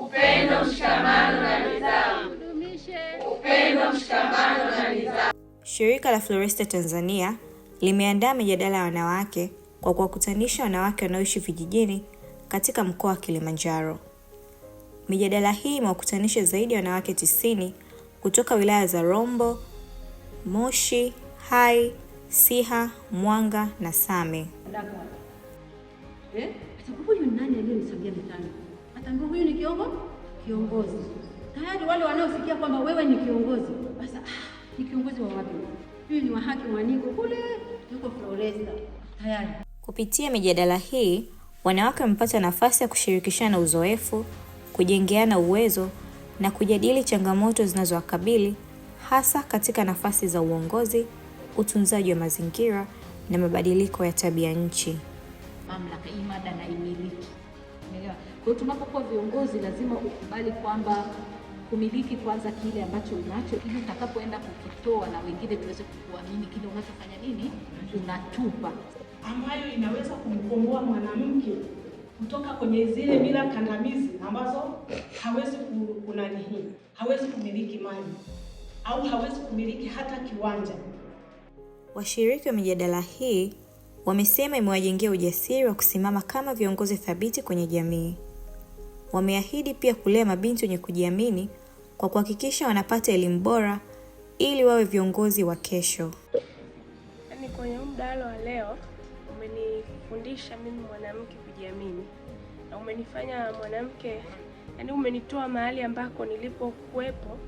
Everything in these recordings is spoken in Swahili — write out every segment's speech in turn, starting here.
upendo, mshikamano na nidhamu. upendo, mshikamano na nidhamu. Shirika la Floresta Tanzania limeandaa mijadala ya wanawake kwa kuwakutanisha wanawake wanaoishi vijijini katika mkoa wa Kilimanjaro. Mijadala hii imewakutanisha zaidi ya wanawake tisini kutoka wilaya za Rombo, Moshi, Hai, Siha, Mwanga na Same ataambia huyu ni kiongo kiongozi. Tayari wale wanaosikia kwamba wewe ni kiongozi, basi ah, ni kiongozi wa wapi? Huyu ni wa haki mwaniko kule yuko Floresta tayari. Kupitia mijadala hii, wanawake wamepata nafasi ya kushirikishana uzoefu, kujengeana uwezo na kujadili changamoto zinazowakabili hasa katika nafasi za uongozi, utunzaji wa mazingira na mabadiliko ya tabia nchi. Mamlaka imada na imiliki kwa tunapokuwa viongozi, lazima ukubali kwamba kumiliki kwanza kile ambacho unacho, ili utakapoenda kukitoa na wengine tuweze kukuamini kile unachofanya nini, unatupa, ambayo inaweza kumkomboa mwanamke kutoka kwenye zile mila kandamizi ambazo hawezi hii hawezi kumiliki mali au hawezi kumiliki hata kiwanja. Washiriki wa mijadala hii wamesema imewajengea ujasiri wa kusimama kama viongozi thabiti kwenye jamii. Wameahidi pia kulea mabinti wenye kujiamini kwa kuhakikisha wanapata elimu bora ili wawe viongozi wa kesho. Yaani, kwenye mdahalo wa leo umenifundisha mimi mwanamke kujiamini na umenifanya mwanamke, yaani umenitoa mahali ambako nilipokuwepo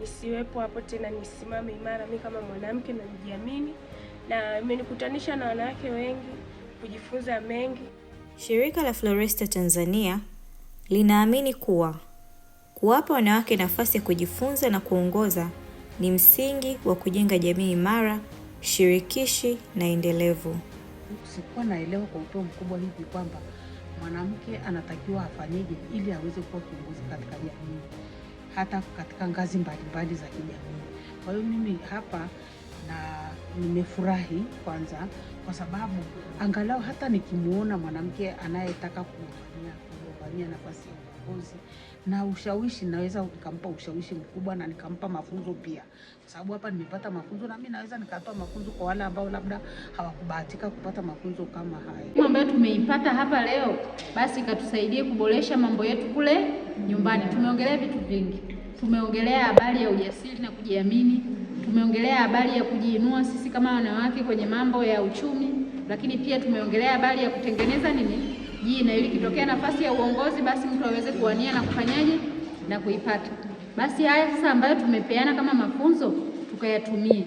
nisiwepo hapo tena, nisimame imara mimi kama mwanamke na nijiamini, na imenikutanisha na wanawake wengi kujifunza mengi. Shirika la Floresta Tanzania linaamini kuwa kuwapa wanawake nafasi ya kujifunza na kuongoza ni msingi wa kujenga jamii imara, shirikishi na endelevu. Sikuwa naelewa kwa upeo mkubwa hivi kwamba mwanamke anatakiwa afanyeje ili aweze kuwa kiongozi katika jamii, hata katika ngazi mbalimbali za kijamii. Kwa hiyo mimi hapa na nimefurahi kwanza, kwa sababu angalau hata nikimwona mwanamke anayetaka kufanyia nilipofanyia nafasi ya uongozi na ushawishi, naweza nikampa ushawishi mkubwa na nikampa mafunzo pia, kwa sababu hapa nimepata mafunzo na mimi naweza nikatoa mafunzo kwa wale ambao labda hawakubahatika kupata mafunzo kama haya ambayo tumeipata hapa leo, basi katusaidie kuboresha mambo yetu kule nyumbani. Tumeongelea vitu vingi, tumeongelea habari ya ujasiri na kujiamini, tumeongelea habari ya kujiinua sisi kama wanawake kwenye mambo ya uchumi, lakini pia tumeongelea habari ya kutengeneza nini jina, ili kitokea nafasi ya uongozi, basi mtu aweze kuwania na kufanyaje na kuipata. Basi haya sasa ambayo tumepeana kama mafunzo tukayatumie.